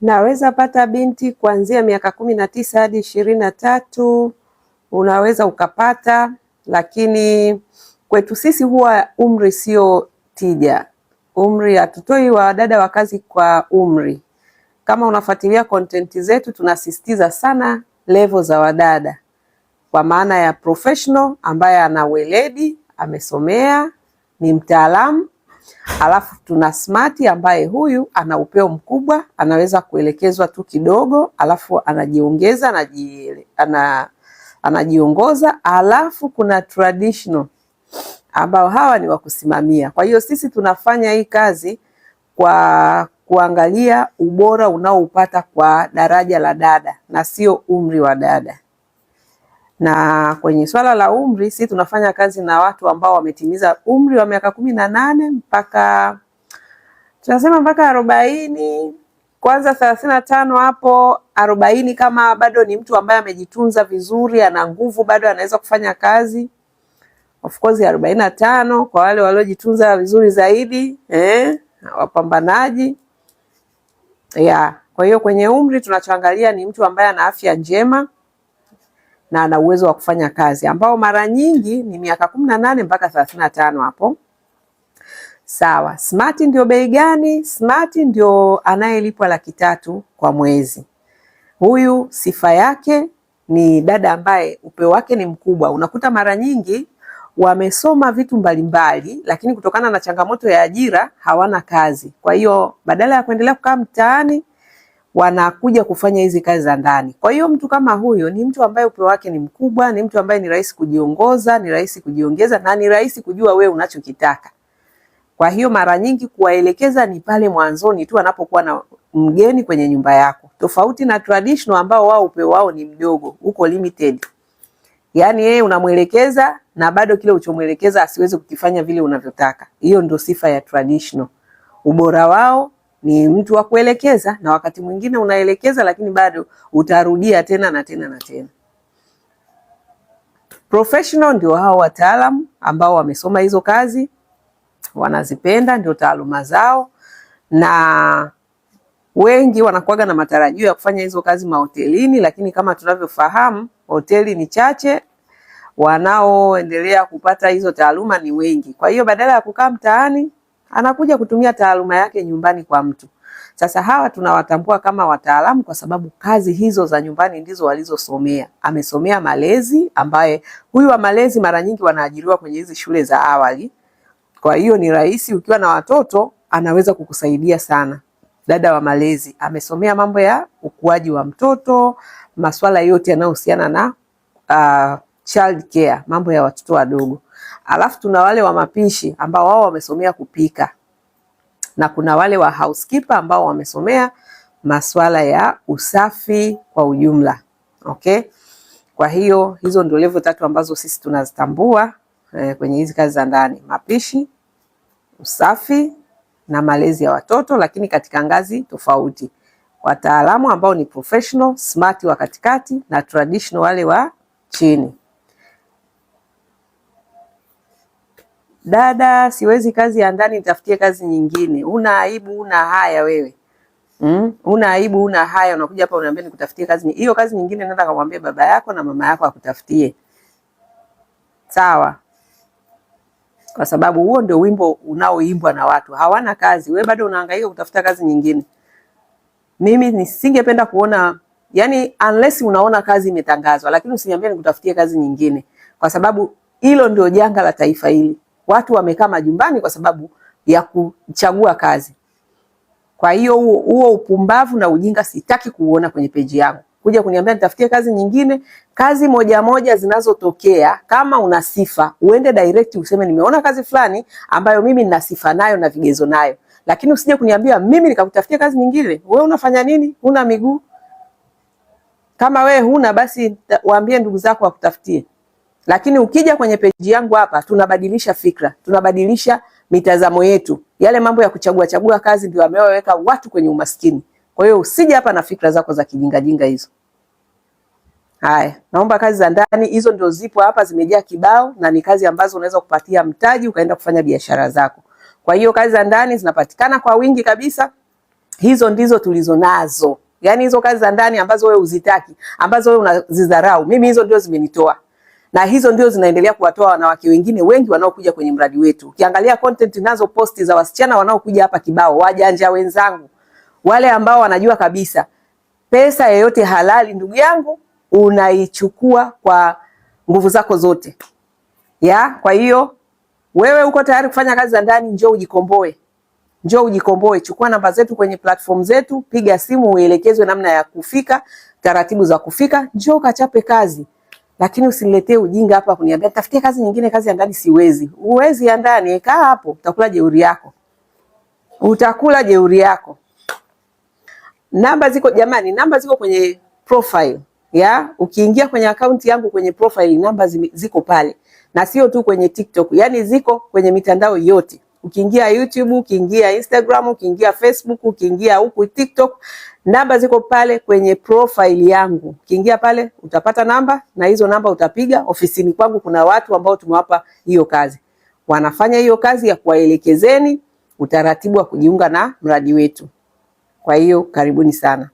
naweza pata binti kuanzia miaka kumi na tisa hadi ishirini na tatu unaweza ukapata, lakini kwetu sisi huwa umri sio tija. Umri hatutoi wadada wa kazi kwa umri. Kama unafuatilia kontenti zetu, tunasisitiza sana levo za wadada kwa maana ya professional ambaye ana weledi, amesomea, ni mtaalamu alafu tuna smart ambaye huyu ana upeo mkubwa, anaweza kuelekezwa tu kidogo, alafu anajiongeza anajiele, ana, anajiongoza. Alafu kuna traditional ambao hawa ni wa kusimamia. Kwa hiyo sisi tunafanya hii kazi kwa kuangalia ubora unaoupata kwa daraja la dada na sio umri wa dada na kwenye swala la umri, si tunafanya kazi na watu ambao wametimiza umri wa miaka kumi na nane mpaka tunasema mpaka arobaini kwanza thelathini na tano hapo arobaini, kama bado ni mtu ambaye amejitunza vizuri, ana nguvu bado anaweza kufanya kazi. Of course arobaini na tano kwa wale waliojitunza vizuri zaidi eh, wapambanaji yeah. Kwa hiyo kwenye umri tunachoangalia ni mtu ambaye ana afya njema na ana uwezo wa kufanya kazi ambao mara nyingi ni miaka kumi na nane mpaka thelathini na tano hapo. Sawa, smart ndio bei gani? Smart ndio anayelipwa laki tatu kwa mwezi. Huyu sifa yake ni dada ambaye upeo wake ni mkubwa. Unakuta mara nyingi wamesoma vitu mbalimbali, lakini kutokana na changamoto ya ajira hawana kazi. Kwa hiyo badala ya kuendelea kukaa mtaani wanakuja kufanya hizi kazi za ndani. Kwa hiyo mtu kama huyo ni mtu ambaye upeo wake ni mkubwa, ni mtu ambaye ni rahisi kujiongoza, ni rahisi kujiongeza na ni rahisi kujua we unachokitaka. Kwa hiyo mara nyingi kuwaelekeza ni pale mwanzoni tu anapokuwa na mgeni kwenye nyumba yako, tofauti na traditional ambao wao upeo wao ni mdogo, uko limited. Yaani yeye unamwelekeza na bado kile uchomwelekeza asiwezi kukifanya vile unavyotaka. Hiyo ndio sifa ya traditional, ubora wao ni mtu wa kuelekeza, na wakati mwingine unaelekeza lakini bado utarudia tena na tena na tena. Professional ndio hao wataalamu ambao wamesoma hizo kazi, wanazipenda, ndio taaluma zao, na wengi wanakuwaga na matarajio ya kufanya hizo kazi mahotelini, lakini kama tunavyofahamu hoteli ni chache wanaoendelea kupata hizo taaluma ni wengi. Kwa hiyo badala ya kukaa mtaani anakuja kutumia taaluma yake nyumbani kwa mtu. Sasa hawa tunawatambua kama wataalamu kwa sababu kazi hizo za nyumbani ndizo walizosomea. Amesomea malezi, ambaye huyu wa malezi mara nyingi wanaajiriwa kwenye hizi shule za awali. Kwa hiyo ni rahisi, ukiwa na watoto anaweza kukusaidia sana. Dada wa malezi amesomea mambo ya ukuaji wa mtoto, masuala yote yanayohusiana na uh, child care, mambo ya watoto wadogo. Alafu tuna wale wa mapishi ambao wao wamesomea kupika na kuna wale wa housekeeper ambao wamesomea masuala ya usafi kwa ujumla. Okay? Kwa hiyo hizo ndio level tatu ambazo sisi tunazitambua eh, kwenye hizi kazi za ndani: mapishi, usafi na malezi ya watoto, lakini katika ngazi tofauti. Wataalamu ambao ni professional, smart wa katikati na traditional wale wa chini. dada, siwezi kazi ya ndani, nitafutie kazi nyingine. Una aibu una haya wewe mm? Una aibu una haya, unakuja hapa unaambia nikutafutie kazi hiyo. Kazi nyingine nenda kamwambia baba yako na mama yako akutafutie, sawa? Kwa sababu huo ndio wimbo unaoimbwa na watu, hawana kazi, wewe bado unahangaika kutafuta kazi nyingine. Mimi nisingependa kuona yani, unless unaona kazi imetangazwa, lakini usiniambie nikutafutie kazi nyingine, kwa sababu hilo ndio janga la taifa hili watu wamekaa majumbani kwa sababu ya kuchagua kazi. Kwa hiyo huo upumbavu na ujinga sitaki kuuona kwenye peji yangu. Kuja kuniambia nitafutie kazi nyingine, kazi moja moja zinazotokea. Kama una sifa uende direct useme nimeona kazi fulani ambayo mimi nina sifa nayo na vigezo nayo, lakini usije kuniambia mimi nikakutafutia kazi nyingine. Wewe unafanya nini? Huna miguu? Kama wewe huna basi, waambie ndugu zako wakutafutie. Lakini ukija kwenye peji yangu hapa, tunabadilisha fikra, tunabadilisha mitazamo yetu. Yale mambo ya kuchagua chagua kazi ndio ameweka watu kwenye umaskini. Kwa hiyo usije hapa na fikra zako za kijingajinga hizo. Haya, naomba kazi za ndani hizo ndio zipo hapa, zimejaa kibao na ni kazi ambazo unaweza kupatia mtaji ukaenda kufanya biashara zako. Kwa hiyo kazi za ndani zinapatikana kwa wingi kabisa, hizo ndizo tulizo nazo. Yaani hizo kazi za ndani ambazo wewe uzitaki, ambazo wewe unazidharau, mimi hizo ndio zimenitoa na hizo ndio zinaendelea kuwatoa wanawake wengine wengi wanaokuja kwenye mradi wetu. Ukiangalia content nazo posti za wasichana wanaokuja hapa kibao, wajanja wenzangu, wale ambao wanajua kabisa pesa yoyote halali, ndugu yangu, unaichukua kwa nguvu zako zote ya. Kwa hiyo wewe uko tayari kufanya kazi za ndani, njoo ujikomboe, njoo ujikomboe. Chukua namba zetu kwenye platform zetu, piga simu uelekezwe namna ya kufika, taratibu za kufika, njoo kachape kazi lakini usiniletee ujinga hapa kuniambia tafutie kazi nyingine, kazi ya ndani siwezi. Uwezi ya ndani, kaa hapo, utakula jeuri yako, utakula jeuri yako. Namba ziko jamani, namba ziko kwenye profile ya, ukiingia kwenye akaunti yangu kwenye profile namba ziko pale, na sio tu kwenye TikTok, yani ziko kwenye mitandao yote. Ukiingia YouTube, ukiingia Instagram, ukiingia Facebook, ukiingia huku TikTok, namba ziko pale kwenye profile yangu. Ukiingia pale utapata namba, na hizo namba utapiga. Ofisini kwangu kuna watu ambao tumewapa hiyo kazi, wanafanya hiyo kazi ya kuwaelekezeni utaratibu wa kujiunga na mradi wetu. Kwa hiyo karibuni sana.